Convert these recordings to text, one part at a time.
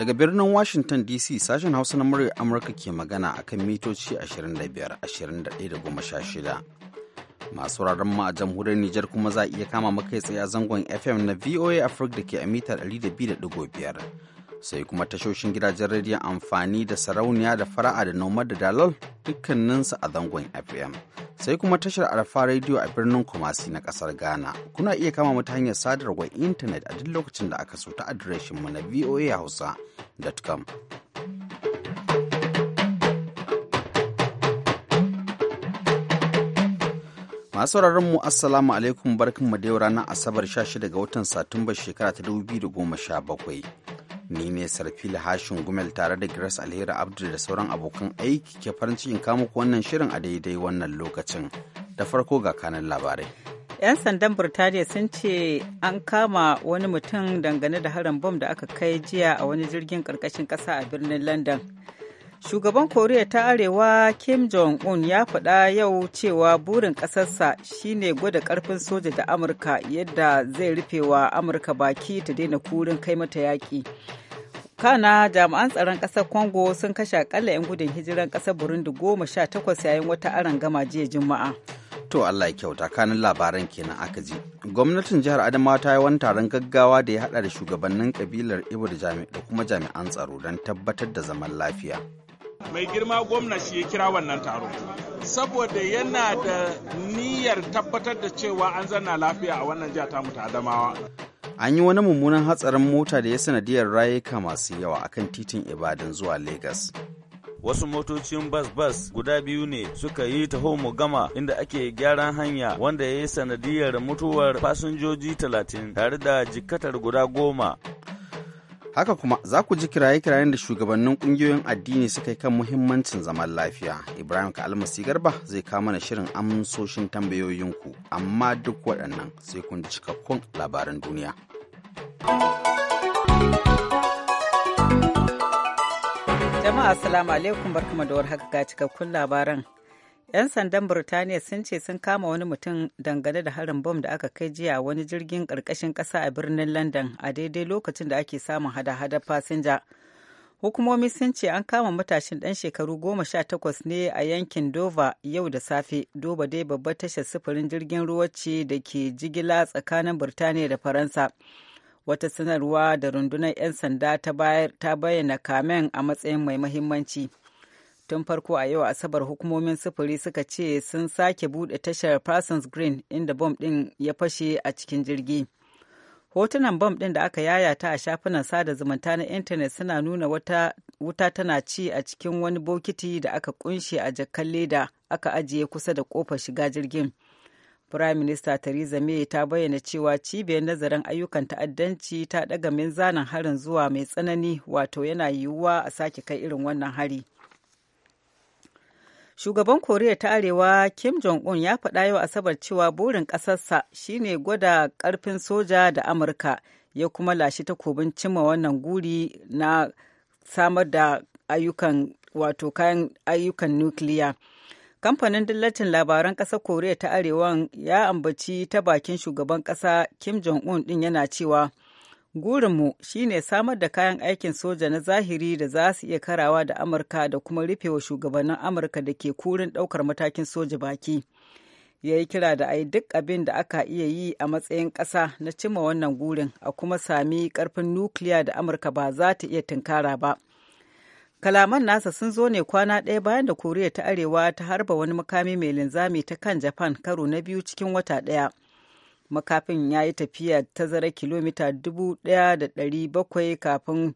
Daga birnin Washington DC sashen Hausa na murya Amurka ke magana a kan mitoci 25-21-16. Masu raron ma a jamhuriyar Nijar kuma za a iya kama makai tsaye a zangon FM na VOA Africa da ke a mitar sai kuma tashoshin gidajen rediyon amfani da sarauniya da fara'a da noma da dalol dukkaninsu a zangon fm sai kuma tashar arfa rediyo a birnin kumasi na kasar ghana kuna iya kama mata ta hanyar sadarwar intanet a duk lokacin da aka so ta mu na voahausa.com masu sauraron mu assalamu alaikum barkan mu da ranar asabar 16 ga watan satumba shekara ta 2017 ni ne sarfila hashin gumel tare da grace alheri abdul da sauran abokan aiki ke farin cikin ko wannan shirin a daidai wannan lokacin da farko ga kanan labarai 'yan sandan burtaniya sun ce an kama wani mutum dangane da harin bom da aka kai jiya a wani jirgin karkashin kasa a birnin london Shugaban Koriya ta Arewa Kim Jong-un ya faɗa yau cewa burin ƙasarsa shine gwada ƙarfin soja da Amurka yadda zai rufe wa Amurka baki ta daina kurin kai mata yaƙi. kana jami'an tsaron ƙasar congo sun kashe akalla 'yan gudun hijiran ƙasar burundi goma sha takwas yayin wata aron gama jiya juma'a to allah ya kyauta kanin labaran kenan aka ji gwamnatin jihar adamawa ta yi wani taron gaggawa da ya hada da shugabannin kabilar ibo da kuma jami'an tsaro don tabbatar da zaman lafiya mai girma gwamna shi ya kira wannan taro saboda yana da niyyar tabbatar da cewa an zanna lafiya a wannan jiha tamu ta adamawa an yi wani mummunan hatsarin mota da ya sanadiyar rayuka masu yawa akan titin ibadan zuwa lagos wasu motocin bas-bas guda biyu ne suka yi taho mu gama inda ake gyaran hanya wanda ya yi sanadiyar mutuwar fasinjoji talatin tare da jikatar guda goma haka kuma za ku ji kiraye-kirayen da shugabannin ƙungiyoyin addini suka yi kan muhimmancin zaman lafiya ibrahim kalmasi garba zai kama na shirin amsoshin tambayoyinku amma duk waɗannan sai kun ji cikakkun labaran duniya jama'a assalamu alaikum barkama da warhaka ga cikakkun labaran 'Yan sandan Burtaniya sun ce sun kama wani mutum dangane da harin bom da aka kai jiya wani jirgin karkashin ƙasa a birnin London a daidai lokacin da ake samun hada hada fasinja. Hukumomi sun ce an kama matashin ɗan shekaru goma sha takwas ne a yankin Dover yau da safe. Dover dai babbar tashar sufurin jirgin ruwa ce da ke jigila tsakanin Burtaniya da Faransa. Wata sanarwa da rundunar 'yan sanda ta bayyana kamen a matsayin mai mahimmanci. tun farko a yau asabar hukumomin sufuri suka ce sun sake bude tashar parsons green inda bom ɗin ya fashe a cikin jirgi hotunan bom ɗin da aka yayata a shafinan sada zumunta na intanet suna nuna wata wuta tana ci a cikin wani bokiti da aka kunshe a jakkan leda aka ajiye kusa da kofar shiga jirgin Firayim Minista Theresa May ta bayyana cewa cibiyar nazarin ayyukan ta'addanci ta ɗaga minzanin harin zuwa mai tsanani wato yana yiwuwa a sake kai irin wannan hari. Shugaban Koriya ta Arewa Kim Jong-un ya faɗa yau Asabar cewa burin ƙasarsa shine gwada ƙarfin soja da Amurka ya kuma lashe takobin cimma wannan guri na samar da ayyukan wato kayan ayyukan nukiliya. Kamfanin dillacin labaran ƙasar Koriya ta arewa ya ambaci ta bakin shugaban ƙasa Kim Jong-un ɗin yana cewa Gurinmu shi ne samar da kayan aikin soja na zahiri da za su iya karawa da Amurka da kuma rufewa shugabannin Amurka da ke kurin ɗaukar matakin soja baki. Ya yi kira da a duk abin da aka iya yi a matsayin ƙasa na cimma wannan gurin a kuma sami ƙarfin nukiliya da Amurka ba za ta iya tunkara ba. Kalaman nasa sun zo ne kwana ɗaya bayan da Koriya ta Arewa ta harba wani makami mai linzami ta kan Japan karo na biyu cikin wata ɗaya. makafin ya yi tafiya ta tazara kilomita 1,700 kafin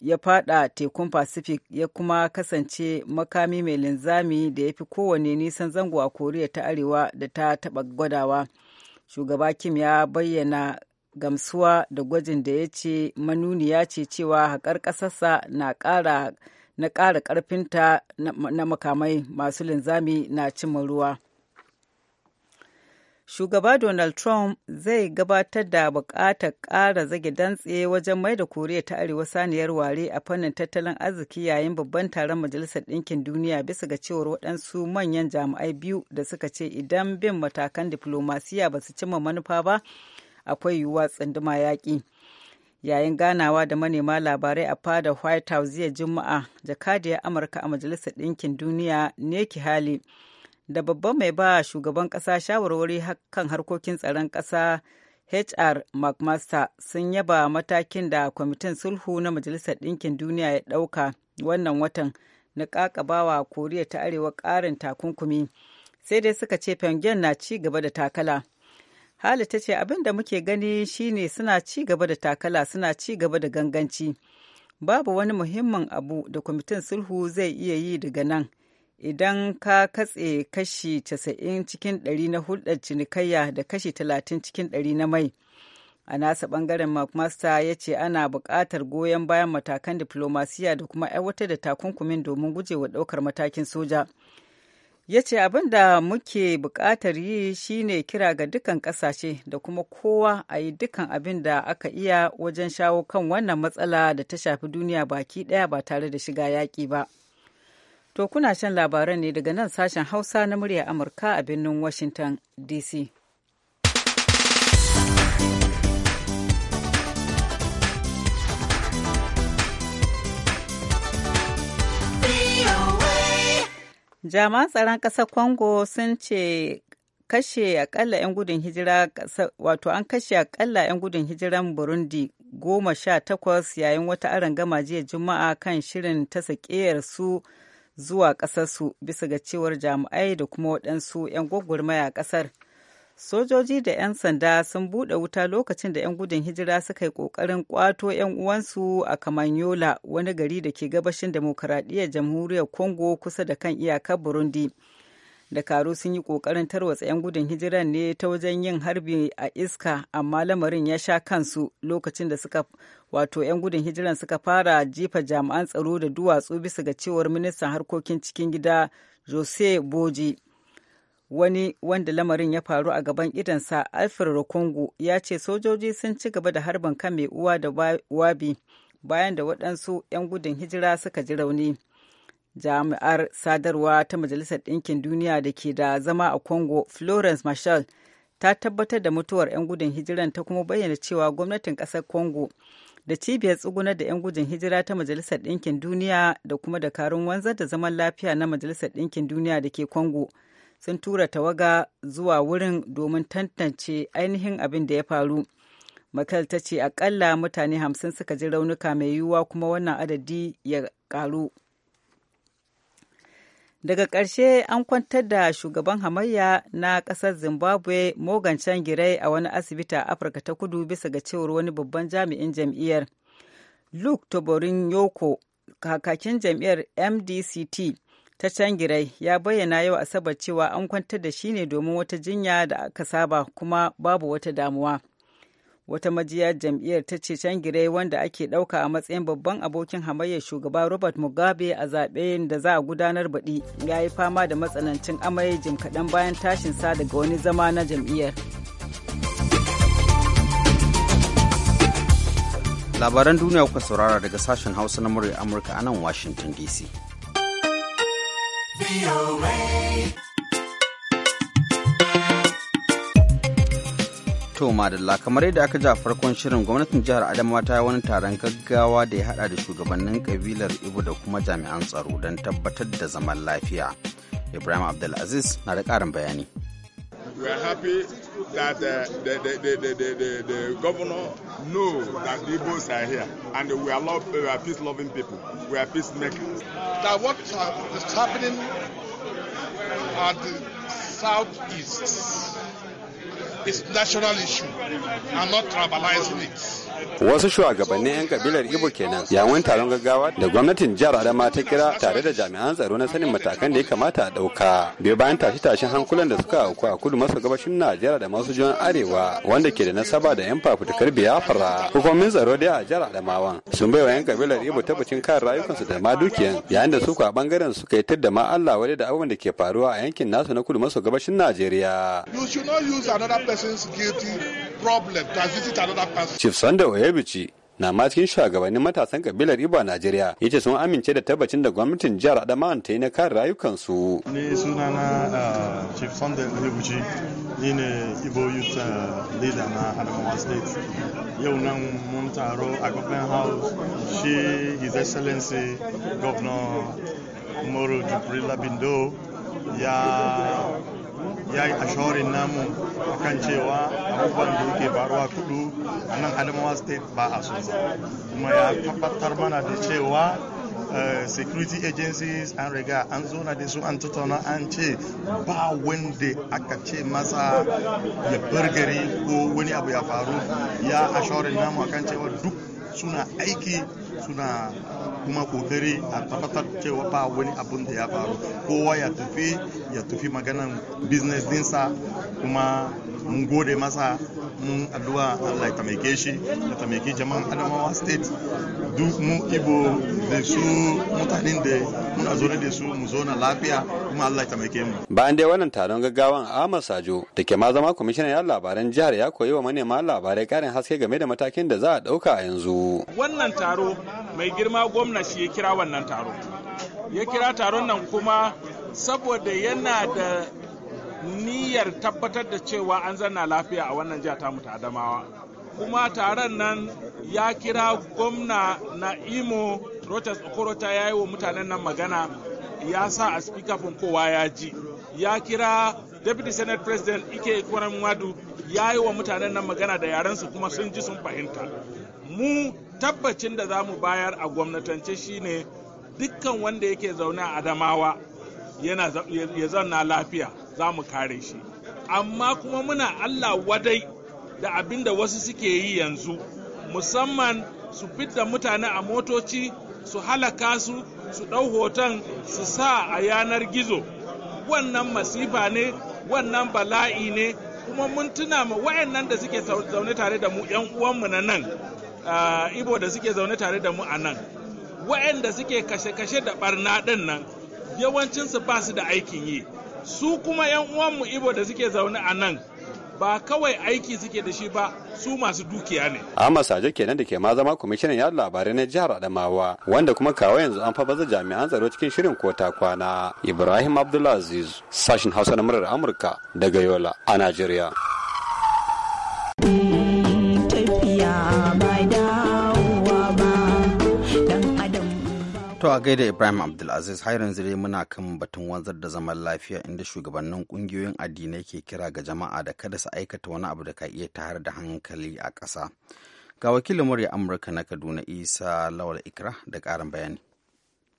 ya fada tekun pacific ya kuma kasance makami mai linzami da ya fi kowane nisan zango a koriya ta arewa da ta taba gwadawa shugaba kim ya bayyana gamsuwa da gwajin da ya ce manuniya ce cewa haƙar ƙasarsa na ƙara na ƙara ƙarfinta na makamai masu linzami na cimma ruwa shugaba Donald Trump zai gabatar da buƙatar ƙara zage dantse wajen mai da Koriya ta Arewa saniyar ware a fannin tattalin arziki yayin babban taron Majalisar Ɗinkin Duniya bisa ga cewar waɗansu manyan jami'ai biyu da suka ce idan bin matakan diflomasiya ba su cimma manufa ba akwai yiwuwa tsunduma yaƙi. Yayin ganawa da manema labarai a fada White House jiya Juma'a, jakadiyar Amurka a Majalisar Ɗinkin Duniya ne ki hali. da babban mai ba shugaban ƙasa shawarwari kan harkokin tsaron ƙasa HR McMaster sun yaba matakin da kwamitin sulhu na Majalisar Ɗinkin Duniya ya ɗauka wannan watan na ƙaƙabawa Koriya ta Arewa ƙarin takunkumi. Sai dai suka ce Pyongyang na ci gaba da takala. Hali ta ce abin da muke gani shine suna ci gaba da takala suna ci gaba da ganganci. Babu wani muhimmin abu da kwamitin sulhu zai iya yi daga nan. idan ka katse kashi 90 cikin 100 na hulɗar cinikayya da kashi 30 cikin 100 na mai. A nasa ɓangaren McMaster ya ce ana buƙatar goyon bayan matakan diflomasiya da kuma aiwatar da takunkumin domin gujewa ɗaukar matakin soja. Ya ce abin da muke buƙatar yi shine kira ga dukkan ƙasashe da kuma kowa a yi dukkan abin da aka iya wajen shawo kan wannan matsala da ta shafi duniya baki ɗaya ba tare da shiga yaƙi ba. To kuna shan labaran ne daga nan sashen Hausa na murya Amurka a birnin Washington DC. Jami'an tsaron ƙasar Congo sun ce kashe akalla 'yan gudun hijira wato an kashe akalla 'yan gudun hijiran burundi goma sha takwas yayin wata gama jiya juma'a kan shirin ta su zuwa ƙasarsu bisa ga cewar jami'ai da kuma waɗansu 'yan gwagwarmaya a ƙasar. Sojoji da 'yan sanda sun buɗe wuta lokacin da 'yan gudun hijira suka yi ƙoƙarin ƙwato 'yan uwansu a Kamanyola, wani gari da ke gabashin demokuraɗiyyar jamhuriyar Congo kusa da kan iyakar Burundi. dakaru sun yi kokarin tarwatsa 'yan gudun hijiran ne ta wajen yin harbi a iska amma lamarin ya sha kansu lokacin da suka wato 'yan gudun hijiran suka fara jifa jami'an tsaro da duwatsu bisa ga cewar ministan harkokin cikin gida jose boji wani wanda lamarin ya faru a gaban idansa alfred rokongo ya ce sojoji sun ci gaba da harbin kan mai uwa da wabi bayan da waɗansu 'yan gudun hijira suka ji rauni. jami'ar sadarwa ta majalisar ɗinkin duniya da ke da zama a congo florence marshall ta tabbatar da mutuwar 'yan gudun hijiran ta kuma bayyana cewa gwamnatin ƙasar congo da cibiyar tsugunar da 'yan gudun hijira ta majalisar ɗinkin duniya da kuma dakarun wanzar da zaman lafiya na majalisar ɗinkin duniya da ke congo sun tura tawaga zuwa wurin domin tantance ainihin abin da ya faru makal ta ce akalla mutane hamsin suka ji raunuka mai yiwuwa kuma wannan adadi ya ƙaru. daga ƙarshe an kwantar da shugaban hamayya na ƙasar zimbabwe morgan changirai a wani asibiti a afirka ta kudu bisa ga cewar wani babban jami'in jam'iyyar luke toborin yoko kakakin jam'iyyar mdct ta cangirai ya bayyana yau asabar cewa an kwantar da shi ne domin wata jinya da aka saba kuma babu wata damuwa. wata majiyar jam'iyyar ta ce cangirai wanda ake ɗauka a matsayin babban abokin hamayyar shugaba robert mugabe a zaɓen da za a gudanar baɗi ya yi fama da matsanancin amai jim kaɗan bayan sa daga wani zama na jam'iyyar labaran duniya kuka saurara daga sashen hausa na murya amurka a nan washington dc To Madalla kamar yadda aka ja farkon shirin gwamnatin jihar Adamawa ta yi wani taron gaggawa da ya hada da shugabannin kabilar Ibo da kuma jami'an tsaro don tabbatar da zaman lafiya. Ibrahim Abdulaziz na da karin bayani. We are happy that the, uh, the, the, the, the, the, the, the governor know that the Igbos are here and we are, love, we are peace loving people. We are peacemakers. That what is happening at the southeast It's national issue and not tribalizing it. wasu shugabannin 'yan kabilar ibo kenan yawon taron gaggawa da gwamnatin jihar adama ta kira tare da jami'an tsaro na sanin matakan da ya kamata a dauka bai bayan tashe tashen hankulan da suka auku a kudu maso gabashin najeriya da masu jiyon arewa wanda ke da nasaba da 'yan fafutukar biafra hukumomin tsaro dai a jihar adamawan sun bai wa 'yan kabilar ibo tabbacin kan rayukansu da ma dukiyan yayin da su a bangaren suka yi da ma allah wani da abubuwan da ke faruwa a yankin nasu na kudu maso gabashin najeriya you problem to visit another person. Chief Sunday Oyebuchi na ma cikin shugabannin matasan kabilar Ibo a Najeriya yace sun amince da tabbacin da gwamnatin jihar Adamawa ta yi na kare rayukansu. Ni sunana eh, Chief Sunday Oyebuchi ni ne Ibo Youth eh, Leader na Adamawa State. Yau nan mun taro a Government House shi His Excellency Governor Umaru Jibril Labindo ya ya yi ashorin namu akan cewa abubuwan da yake faruwa kudu a nan adamawa state ba a sun kuma ya tabbatar mana da cewa eh, security agencies an riga an zo da su an tattauna an ce ba wanda aka ce masa ya gari ko wani abu ya faru ya ashorin namu akan cewa duk suna aiki suna kuma kokari a tabbatar cewa ba wani abun da ya faru kowa ya tufi ya tafi maganan business dinsa kuma mun gode masa mun addu'a Allah ya tamake shi ya tamake jama'an Adamawa state duk mu ibo da su mutanen da muna zaune da su mu zauna lafiya kuma Allah ya tamake mu bayan dai wannan taron gaggawan Ahmad Sajo da ke ma zama kwamishinan yan labaran jihar ya koyi wa manema labarai karin haske game da matakin da za a dauka a yanzu wannan taro mai girma gwamna shi ya kira wannan taro ya kira taron nan kuma saboda yana da niyyar tabbatar da cewa an zanna lafiya a wannan jiha tamu ta adamawa kuma taron nan ya kira gwamna na imo rochas okorota ya yi wa mutanen nan magana ya sa a speakerphone kowa ya ji ya kira deputy senate president ike ikonan wadu ya yi wa mutanen nan magana da yarensu kuma sun ji sun fahimta mu tabbacin da za mu bayar a gwamnatance shine dukkan wanda yake zaune a adamawa ya zanna lafiya za mu kare shi amma kuma muna allah wadai da abin da wasu suke yi yanzu musamman su fidda mutane a motoci su halaka su su ɗau hoton su sa a yanar gizo wannan masifa ne wannan bala'i ne kuma mun tuna ma wayannan da suke zaune tare da mu yan uwanmu na nan ah, ibo da suke zaune tare da mu a nan wayanda suke kashe-kashe da barna ɗin nan yawancinsu ba su da aikin yi su kuma 'yan uwanmu ibo da suke zaune a nan ba kawai aiki suke da shi ba su masu dukiya ne. Ahmad Sajo kenan da ke ma zama kwamishinan yada labarai na jihar Adamawa wanda kuma kawo yanzu an fabaza jami'an tsaro cikin shirin kota kwana. Ibrahim Abdulaziz sashin Hausa na murar Amurka daga Yola a Najeriya. a gaida Ibrahim Abdulaziz har yanzu dai muna kan batun wanzar da zaman lafiya inda shugabannin kungiyoyin addinai ke kira ga jama'a da kada su aikata wani abu da ka iya tayar da hankali a ƙasa. Ga wakilin murya Amurka na Kaduna Isa Lawal Ikra da ƙarin bayani.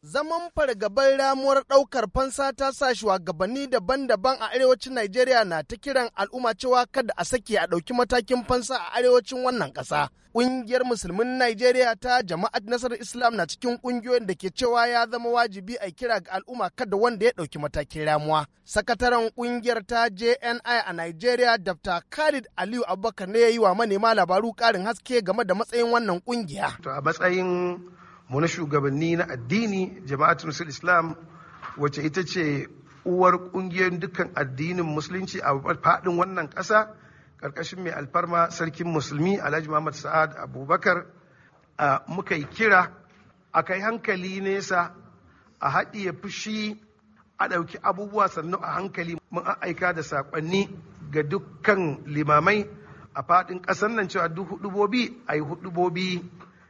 zaman fargabar ramuwar ɗaukar fansa ta sa shugabanni daban-daban a arewacin Najeriya na ta kiran al'umma cewa kada a sake a ɗauki matakin fansa a arewacin wannan ƙasa. Ƙungiyar Musulmin Najeriya ta jama'at nasarar Islam na cikin ƙungiyoyin da ke cewa ya zama wajibi a kira ga al'umma kada wanda ya ɗauki matakin ramuwa. Sakataren ƙungiyar ta JNI a Najeriya Dr. Khalid Aliyu Abubakar ne ya yi wa manema labaru ƙarin haske game da matsayin wannan ƙungiya. To a matsayin mu na shugabanni na addini jama'atul musul islam wacce ita ce uwar kungiyar dukkan addinin musulunci a faɗin wannan ƙasa ƙarƙashin mai alfarma sarkin musulmi alhaji muhammad sa'ad abubakar muka yi kira a kai hankali nesa a haɗiye fushi a ɗauki abubuwa sannu a hankali mun aika da saƙonni ga dukkan limamai a faɗin ƙasar nan cewa duk hudubobi a yi hudubobi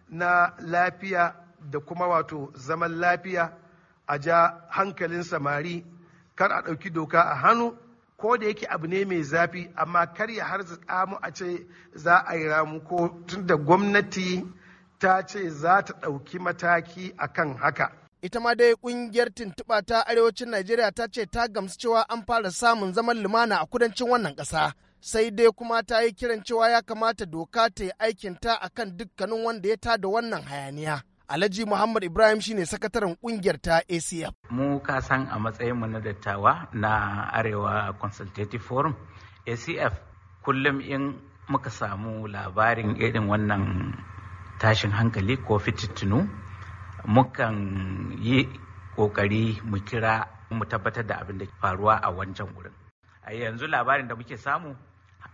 na lafiya da kuma wato zaman lafiya a ja hankalin samari kar a ɗauki doka a hannu ko da yake abu ne mai zafi amma kar ya har mu a ce za a yi ramu ko tunda gwamnati ta ce za ta ɗauki mataki a kan haka. Ita ma dai ƙungiyar tuntuɓa ta arewacin Najeriya ta ce ta gamsu cewa an fara samun zaman lumana a kudancin wannan ƙasa. Sai dai kuma ta yi kiran cewa ya kamata doka ta yi aikinta a kan dukkanin wanda ya tada wannan hayaniya. Alhaji Muhammad Ibrahim shine sakataren kungiyar ta ACF. Mu ka san a matsayin mu na dattawa na Arewa Consultative Forum ACF kullum in muka samu labarin irin wannan tashin hankali ko fitittunu mukan yi kokari mu kira mu tabbatar da abin da ke faruwa a wancan wurin. A yanzu labarin da muke samu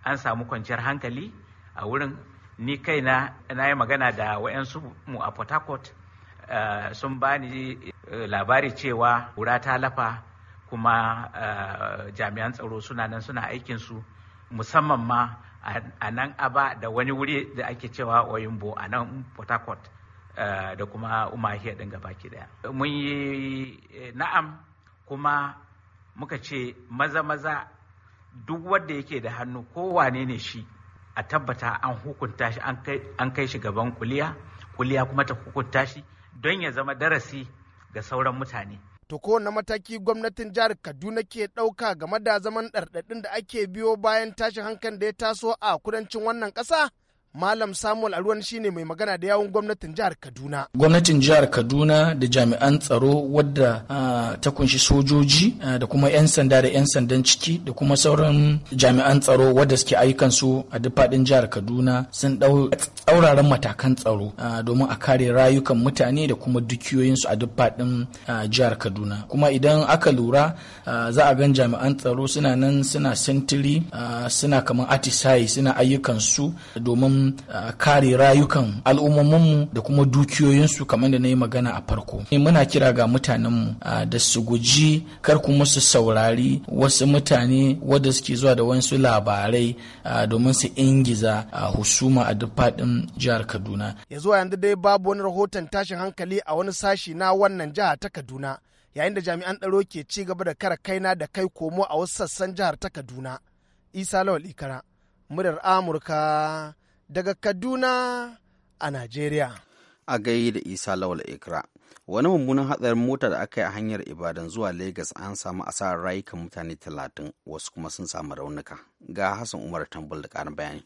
an samu kwanciyar hankali a wurin ni kaina na yi magana da wayansu mu a port harcourt eh, sun bani eh, labari cewa wura ta lafa kuma eh, jami'an tsaro suna nan suna aikinsu musamman ma a nan aba da wani wuri da ake cewa oyinbo a nan port harcourt da kuma umahiya ɗin gabaki daya mun yi na'am kuma muka ce maza-maza duk wanda yake da hannu kowane ne shi a tabbata an hukunta shi an kai shi gaban kuliya kuliya kuma ta hukunta shi don ya zama darasi ga sauran mutane to kowane mataki gwamnatin jihar kaduna ke ɗauka game da zaman ɗarɗaɗin da ake biyo bayan tashin hankalin da ya taso a kudancin wannan ƙasa Malam Samuel Aruwan shine mai magana da yawun gwamnatin jihar Kaduna. Gwamnatin jihar Kaduna da jami'an tsaro wadda ta kunshi sojoji da kuma 'yan sanda da 'yan sandan ciki da kuma sauran jami'an tsaro wadda suke ayyukan su a duk faɗin jihar Kaduna sun ɗau tsauraran matakan tsaro domin a kare rayukan mutane da kuma dukiyoyinsu a duk faɗin jihar Kaduna. Kuma idan aka lura za a gan jami'an tsaro suna nan suna sintiri suna kamar atisayi suna ayyukan su domin kare rayukan al'ummominmu da kuma dukiyoyinsu kamar da na yi magana a farko eh, muna kira ga mutanenmu da su guji kar kuma su saurari wasu mutane wadda suke zuwa da wasu labarai domin su ingiza husuma a duk faɗin jihar kaduna ya zuwa yanzu dai babu wani rahoton tashin hankali a wani sashi na wannan jiha ta kaduna yayin da jami'an tsaro ke ci gaba da kara kaina da kai komo a wasu sassan jihar ta kaduna isa lawal ikara murar amurka daga Kaduna a Najeriya. A gai da Isa Lawal Ikra. Wani mummunan hatsarin mota da aka yi a hanyar Ibadan zuwa Legas an samu asarar rayukan mutane talatin wasu kuma sun samu raunuka. Ga Hassan Umar Tambul da ƙarin bayani.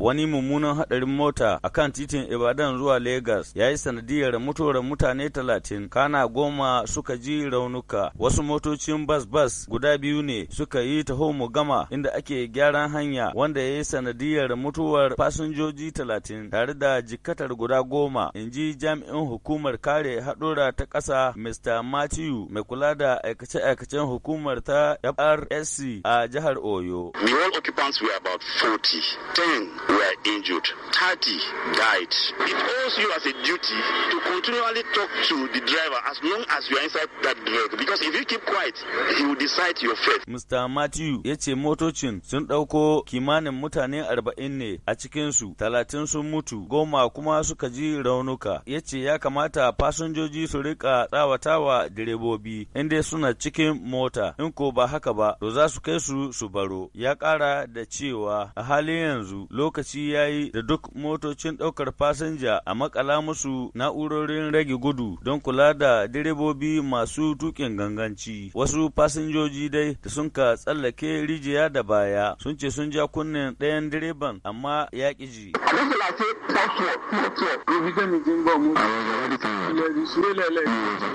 wani mummunan hadarin mota a kan titin ibadan zuwa Legas ya yi sanadiyar mutuwar mutane talatin kana goma suka ji raunuka wasu motocin bas bas guda biyu ne suka yi taho mu gama inda ake gyaran hanya wanda ya yi sanadiyar mutuwar fasinjoji talatin tare da jikatar guda goma in ji jami'in hukumar kare haɗura ta ƙasa mr matthew mai kula da aikace-aikacen hukumar ta frsc a jihar oyo the were about 40 10 were injured. 30 died. It owes you as a duty to continually talk to the driver as long as you are inside that vehicle because if you keep quiet, he will decide your fate. Mr. Matthew ya ce motocin sun ɗauko kimanin mutane 40 ne a cikinsu, 30 sun mutu, goma kuma suka ji raunuka. Ya ya kamata fasinjoji su rika tsawatawa direbobi inda suna cikin mota, in ko ba haka ba, to za su kai su su baro. Ya ƙara da cewa a halin yanzu lokacin lokaci ya yi da duk motocin ɗaukar fasinja a makala musu na'urorin rage gudu don kula da direbobi masu tukin ganganci. Wasu fasinjoji dai da sun ka tsallake rijiya da baya sun ce sun ja kunnen ɗayan direban amma ya ƙi ji.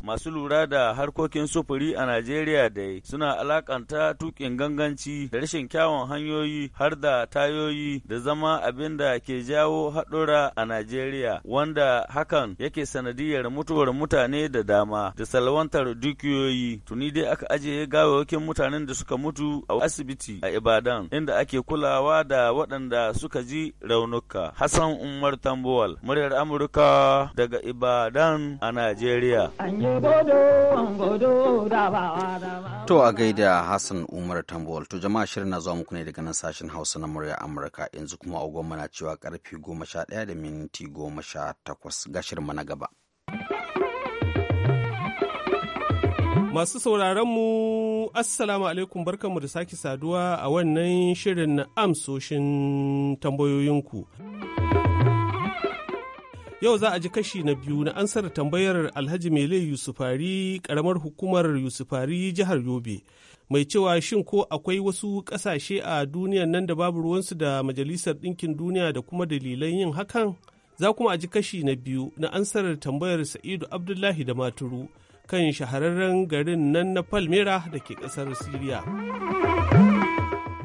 Masu lura da harkokin sufuri a Najeriya dai suna alakanta tukin ganganci da rashin kyawun hanyoyi har da tayoyi da zama zama abin da ke jawo haɗura a Najeriya wanda hakan yake sanadiyar mutuwar mutane da dama da salwantar dukiyoyi tuni dai aka ajiye gawawakin mutanen da suka mutu a asibiti a Ibadan inda ake kulawa da waɗanda suka ji raunuka. Hassan Umar Tambuwal, muryar Amurka daga Ibadan a Najeriya. To a gaida Hassan Umar Tambuwal, to jama'a shirin na zuwa muku ne daga nan sashen Hausa na murya Amurka yanzu kuma a agogon mana cewa karfe goma sha ɗaya da minti goma sha takwas gashir na gaba. Masu sauraron mu Assalamu alaikum barkanmu da sake saduwa a wannan shirin amsoshin tambayoyinku. Yau za a ji kashi na biyu na ansar tambayar Alhaji Mele Yusufari karamar hukumar Yusufari jihar Yobe. Mai cewa shin ko akwai wasu ƙasashe a duniyan nan da babu ruwansu da Majalisar Ɗinkin Duniya da kuma dalilan yin hakan? Za kuma a ji kashi na biyu na ansar tambayar Sa'idu Abdullahi da Maturu kan shahararren garin nan na Palmera da ke ƙasar Siriya.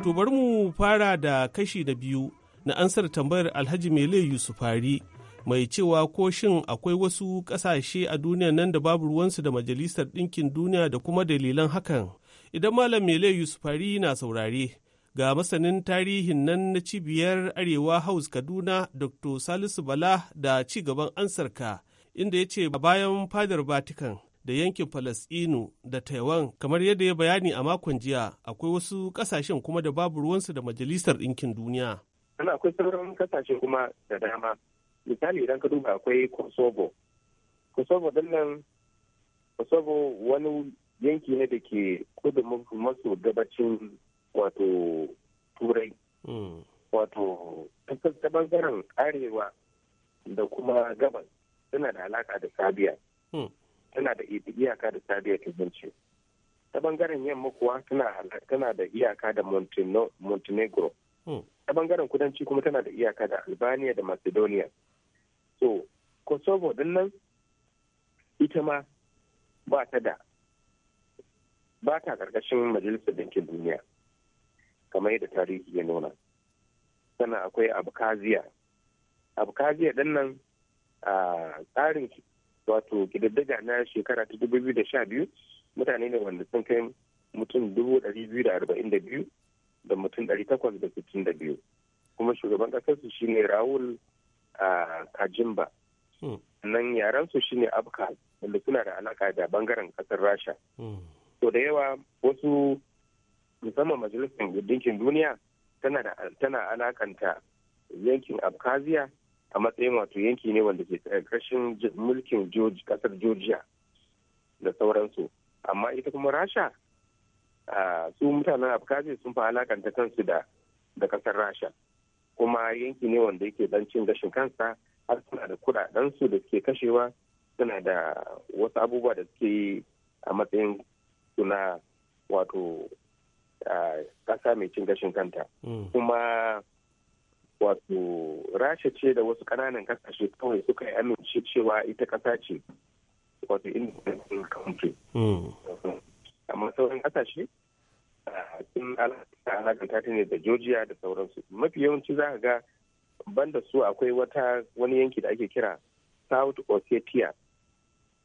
To bari mu fara da kashi na biyu na ansar tambayar Alhaji Mele Yusufari. mai cewa ko shin akwai wasu ƙasashe a duniya nan da babu ruwansu da majalisar ɗinkin duniya da kuma dalilan hakan idan malam mele yusufari na saurare ga masanin tarihin nan na cibiyar arewa house kaduna dr salisu bala da ci gaban ansarka inda ya ce bayan fadar vatican da yankin Falasɗinu da Taiwan kamar yadda ya bayani a makon jiya akwai wasu kasashen kuma da babu ruwansu da Majalisar Ɗinkin Duniya. akwai sauran kasashe kuma da dama misali idan ka duba akwai kosovo kosovo din nan kosovo wani yanki ne da ke kudu maso gabacin wato turai hmm. wato ta bangaren arewa da kuma gabas tana da alaka da sabiya hmm. tana da iyaka da sabiya ta zance ta bangaren yamma kuwa tana da iyaka da montenegro hmm. ta bangaren kudanci kuma tana da iyaka da albania da macedonia to kosovo din nan ita ma ba ta da ba ta karkashin majalisar dinkin duniya kamar yadda tarihi ya nuna sannan akwai abkaziya abkaziya din nan a tsarin wato ƙididdiga na shekara ta 2012 mutane ne wanda sun kai mutum 242 da mutum 862 kuma shugaban kasarsu shine raul a kajimba hmm. nan yaren su shine abkhaz wanda suna da alaka da bangaren kasar rasha to hmm. da yawa wasu musamman majalisar dinkin duniya tana da tana alakanta yankin abkhazia a matsayin wato yanki ne wanda ke ƙarƙashin mulkin kasar georgia da sauransu amma ita kuma rasha su mutanen abkhazia sun fi alakanta kansu da kasar rasha kuma yanki ne wanda yake dan cin gashin kansa har suna da kudaden su da suke kashewa suna da wasu abubuwa da suke yi a matsayin suna wato kasa mai cin gashin kanta mm. kuma wato rasha ce da wasu kananan kasashe kawai suka yi amince cewa ita kasa ce wato independent country mm. amma sauran kasashe in alaƙa ta ne da georgia da sauransu mafi yawanci za ka ga banda su akwai wata wani yanki da ake kira south ossetia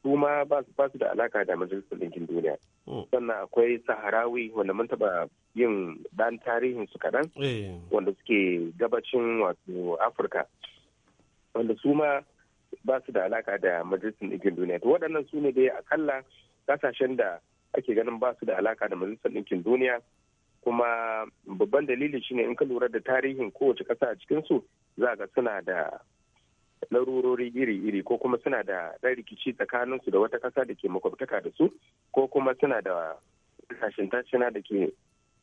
su ma ba su da alaka da majalisar ɗinkin duniya hmm. sannan akwai saharawi wanda mun taɓa yin ɗan tarihin su kaɗan eh. wanda suke gabacin wato afirka wanda su ma ba su da alaka da majalisar ɗinkin duniya to waɗannan su ne dai akalla kasashen da ake ganin ba su da alaka da majalisar ɗinkin duniya kuma babban dalili shine in ka lura da tarihin kowace ƙasa a cikinsu za ga suna da larurori iri-iri ko kuma suna da ɗan rikici tsakaninsu da wata ƙasa da ke makwabtaka da su ko kuma suna da tashin tashina da ke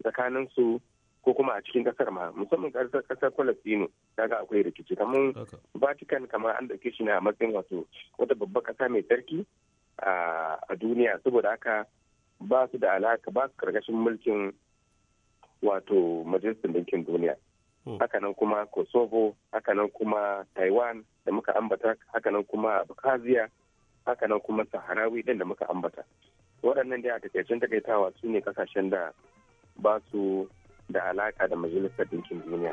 tsakaninsu ko kuma a cikin ƙasar ma musamman ƙasar ƙasar palestino daga akwai rikici kamar vatican kamar an ɗauke shi ne a matsayin wato wata babbar ƙasa mai tsarki a duniya saboda haka ba su da alaka ba su karkashin mulkin wato majalisar ɗinkin duniya hmm. hakanan kuma kosovo hakanan kuma taiwan da muka ambata hakanan kuma abkhazia hakanan kuma saharawi ɗin da muka ambata waɗannan dai a takaicen takaitawa su ne kasashen da ba su da alaka da majalisar ɗinkin duniya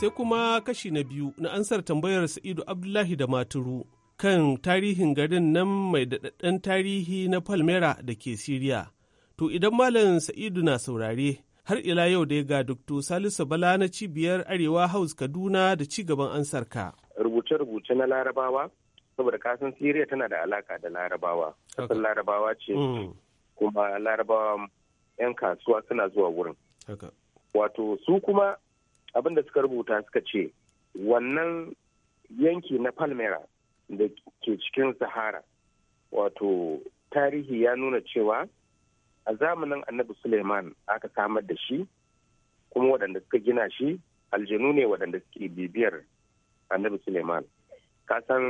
sai kuma kashi na biyu na ansar tambayar sa'idu abdullahi da maturu kan tarihin garin nan mai daɗaɗɗen tarihi na palmera da ke siriya to idan malam sa'idu na saurare har ila yau da ya ga dokto salisu bala na cibiyar arewa house kaduna da ci gaban ansarka rubuce-rubuce na larabawa saboda kasan siriya tana da alaka da larabawa kasan larabawa ce mm. kuma larabawa 'yan kasuwa suna zuwa wurin wato su kuma abinda suka rubuta suka ce wannan yanki na palmera da ke cikin sahara wato tarihi ya nuna cewa a zamanin annabi suleiman aka samar da shi kuma waɗanda suka gina shi aljanu ne waɗanda suke bibiyar annabi suleiman kasan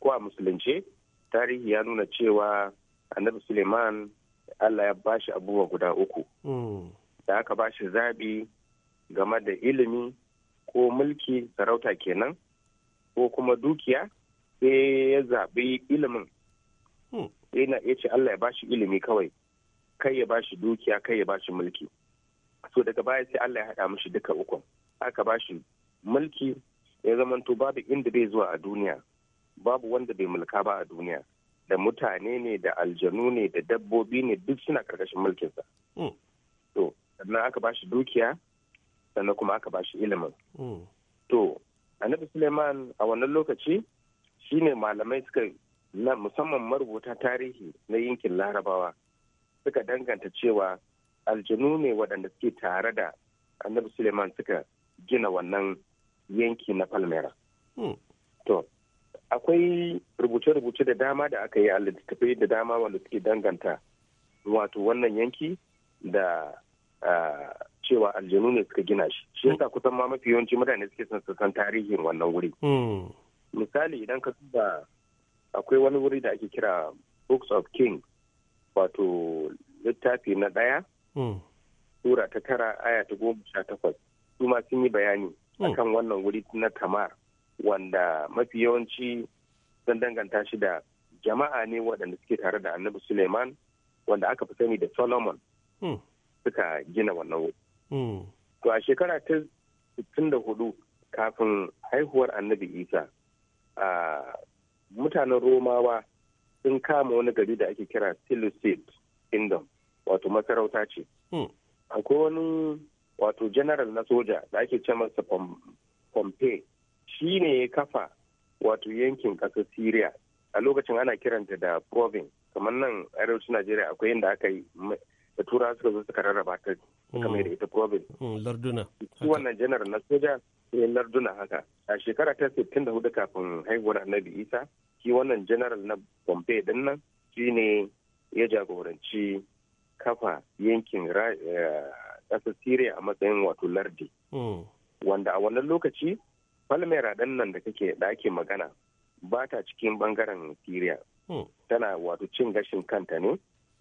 ko a musulunce tarihi ya nuna cewa annabi suleiman allah ya bashi abubuwa guda uku hmm. da aka bashi zabi game da ilimi ko mulki sarauta kenan ko kuma dukiya sai ya zaɓi ilimin yana hmm. iya ce Allah ya bashi ilimi kawai kai ya bashi dukiya kai ya bashi mulki so daga baya sai Allah ya haɗa mishi duka uku aka bashi mulki ya zamanto babu inda bai zuwa a duniya babu wanda bai mulka ba a duniya da mutane ne da aljanu ne da dabbobi ne duk suna karkashin mulkinsa hmm. to sannan aka bashi dukiya sannan kuma aka bashi ilimin hmm. to annabi suleiman a wannan lokaci shine malamai suka na musamman marubuta tarihi na yankin larabawa suka danganta cewa aljanu ne waɗanda suke tare da annabi suleiman suka gina wannan yanki na palmera hmm. to akwai rubuce-rubuce da dama da aka yi a littattafai da dama wanda suke danganta wato wannan yanki da cewa aljanu ne suka gina shi shi yasa kusan ma mafi yawanci mutane suke son san tarihin wannan wuri hmm. misali idan ka duba akwai wani wuri da ake kira books of king wato littafi na ɗaya hmm. sura ta tara aya ta goma sha takwas su ma sun yi bayani hmm. akan wannan wuri na tamar wanda mafi yawanci sun danganta shi da jama'a ne waɗanda suke tare da annabi suleiman wanda aka fi sani da solomon hmm. suka gina wannan wuri to a shekara ta 64 kafin haihuwar annabi isa a mutanen romawa sun kama wani gari da ake kira seleucid kingdom wato masarauta ce hmm. akwai wani wato general na soja da ake ce masa pompey shi ne ya kafa wato yankin ƙasar syria a lokacin ana kiranta da province kamar nan arewacin najeriya akwai inda aka yi da tura suka zo suka rarraba ta kamar hmm. ita province hmm, su wannan janar na soja sai larduna haka a shekara ta da 64 kafin haihuwar annabi isa shi wannan janar na bombay din nan shi ne ya jagoranci kafa yankin eh, ƙasar syria a matsayin wato lardi hmm. wanda a wannan lokaci palmera din nan da kake da ake magana ba ta cikin bangaren syria hmm. tana wato cin gashin kanta ne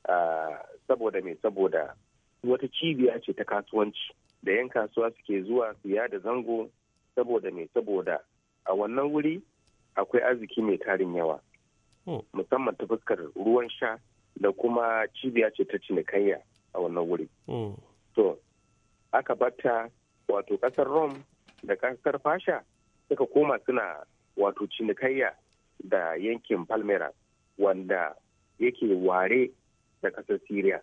ah, saboda mai saboda wata cibiya ce ta kasuwanci da 'yan kasuwa suke zuwa siya da zango saboda mai saboda a wannan wuri akwai arziki mai tarin yawa oh. musamman ta fuskar ruwan sha da kuma cibiya ce ta cinikayya a wannan wuri oh. to aka batta wato kasar rome da kasar fasha suka koma suna wato cinikayya da yankin palmera wanda yake ware da kasar syria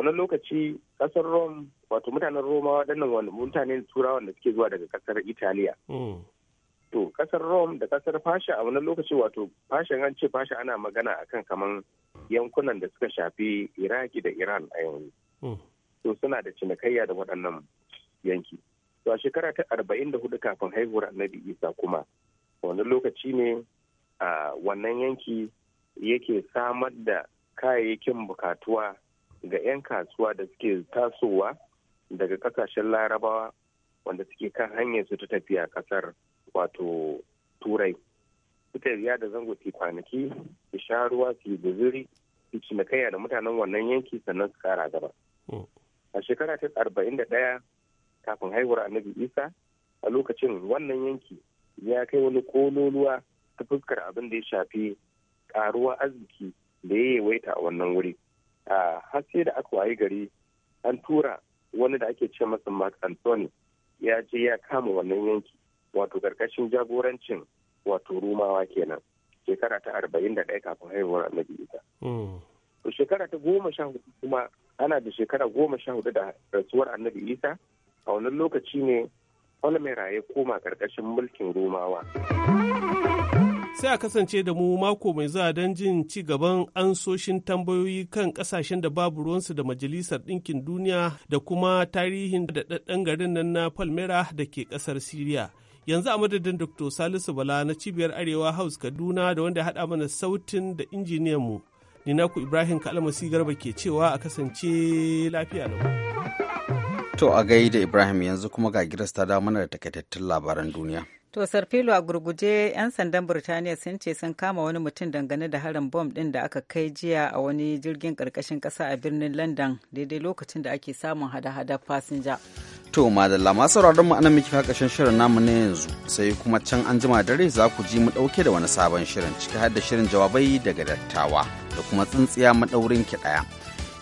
wannan lokaci kasar Rome wato mutanen Roma waɗannan wani mutane turawa da suke zuwa daga kasar Italiya. Hmm. To kasar Rome da kasar Fasha a wannan lokaci wato Fasha an ce Fasha ana magana akan kaman yankunan da suka shafi Iraki da Iran a yanzu. Hmm. To suna da cinikayya da waɗannan yanki. To a shekara ta arba'in da hudu kafin haihuwar Annabi Isa kuma wani lokaci ne a wannan yanki yake samar da kayayyakin bukatuwa ga 'yan kasuwa da suke tasowa daga kasashen larabawa wanda suke kan hanyar su ta tafiya kasar wato turai suka riya da zango su kwanaki su sha ruwa su yi guzuri su cinikayya da mutanen wannan yanki sannan su kara gaba hmm. a shekara ta arba'in da ɗaya kafin haihuwar annabi isa a lokacin wannan yanki ya kai wani kololuwa ta fuskar abin da ya shafi karuwa arziki da ya yi yawaita a wannan wuri a sai da aka waye gari an tura wani da ake ce masa mark anthony ya je ya kama wannan yanki wato karkashin jagorancin wato rumawa kenan shekara ta arba'in da ɗaya kafin haihuwar annabi isa hmm. to shekara ta goma sha hudu kuma ana da shekara goma sha hudu da rasuwar annabi isa a wannan lokaci ne wani mai raye koma karkashin mulkin rumawa. sai a kasance da mu mako mai zuwa don jin ci gaban ansoshin tambayoyi kan kasashen da babu ruwansu da majalisar ɗinkin duniya da kuma tarihin daɗaɗɗen garin nan na palmera da ke ƙasar syria yanzu a madadin dr salisu bala na cibiyar arewa house kaduna da wanda haɗa mana sautin da injiniyan mu ni naku ibrahim kalmasi garba ke cewa a kasance lafiya lau to a gaida ibrahim yanzu kuma ga girasta da mana da takaitattun labaran duniya To Sarfilo a gurguje 'yan sandan Birtaniya sun ce sun kama wani mutum dangane da harin bom ɗin da aka kai jiya a wani jirgin ƙarƙashin ƙasa a birnin London daidai lokacin da ake samun hada-hada fasinja. To madalla masu sauraron mu anan muke kakashin shirin namu na yanzu sai kuma can an jima dare za ku ji mu ɗauke da wani sabon shirin ciki har da shirin jawabai daga dattawa da kuma tsintsiya maɗaurin ki ɗaya.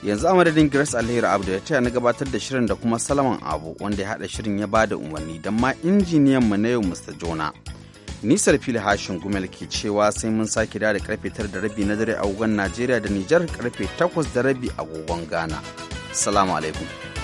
yanzu a madadin grace alheri abdu ya taya na gabatar da shirin da kuma salaman abu wanda ya haɗa shirin ya ba da umarni don ma injiniyan mu na yau mr jona nisar fili hashin gumel ke cewa sai mun sake da karfe tara da rabi na dare agogon najeriya da nijar karfe takwas da rabi a agogon ghana salamu alaikum